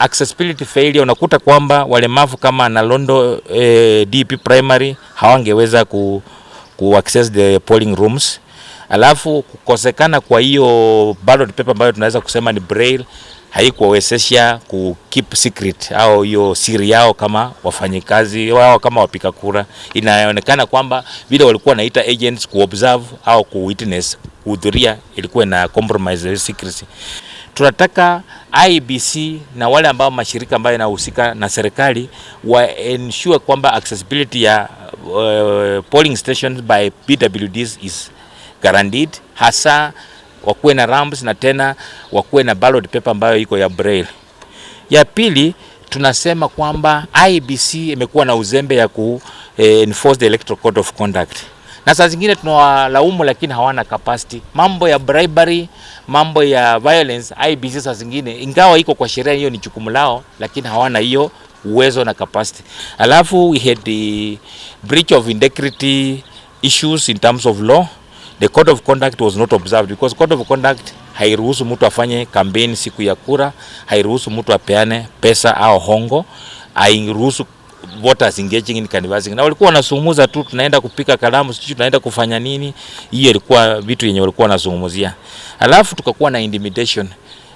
accessibility failure, unakuta kwamba walemavu kama na Londo eh, DP primary hawangeweza ku, ku access the polling rooms, alafu kukosekana kwa hiyo ballot paper ambayo tunaweza kusema ni braille haikuwawezesha ku keep secret au hiyo siri yao kama wafanyikazi wao kama wapika kura. Inaonekana kwamba vile walikuwa naita agents ku observe au ku witness kuhudhuria, ilikuwa na compromise secrecy. Tunataka IBC na wale ambao mashirika ambayo yanahusika na, serikali wa ensure kwamba accessibility ya uh, polling stations by PWDs is guaranteed, hasa wakuwe na ramps na tena wakuwe na ballot paper ambayo iko ya braille. Ya pili tunasema kwamba IBC imekuwa na uzembe ya ku eh, enforce the electoral code of conduct na saa zingine tunawalaumu, lakini hawana capacity. Mambo ya bribery, mambo ya violence, IBC saa zingine ingawa iko kwa sheria, hiyo ni jukumu lao, lakini hawana hiyo uwezo na capacity. Alafu we had the breach of integrity issues in terms of law. The code of conduct was not observed because code of conduct hairuhusu mtu afanye kampeni siku ya kura, hairuhusu mtu apeane pesa au hongo, hairuhusu voters engaging in canvassing, na walikuwa wanazungumza tu, tunaenda kupika kalamu, sisi tunaenda kufanya nini. Hiyo ilikuwa vitu yenye walikuwa wanazungumzia, alafu tukakuwa na intimidation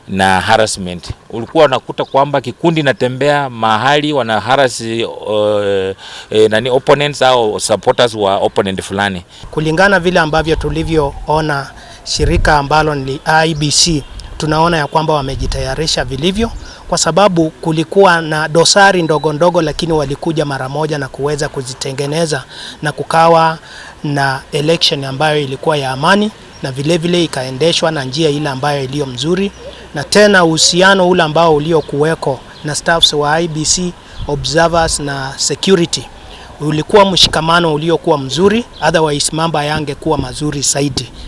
na harassment. Ulikuwa unakuta kwamba kikundi natembea mahali wana harass uh, e, nani opponents au supporters wa opponent fulani, kulingana vile ambavyo tulivyoona shirika ambalo ni IBC tunaona ya kwamba wamejitayarisha vilivyo, kwa sababu kulikuwa na dosari ndogo ndogo, lakini walikuja mara moja na kuweza kuzitengeneza na kukawa na election ambayo ilikuwa ya amani na vilevile vile ikaendeshwa na njia ile ambayo iliyo mzuri, na tena uhusiano ule ambao uliokuweko na staffs wa IBC observers na security ulikuwa mshikamano uliokuwa mzuri, otherwise mambo yangekuwa mazuri zaidi.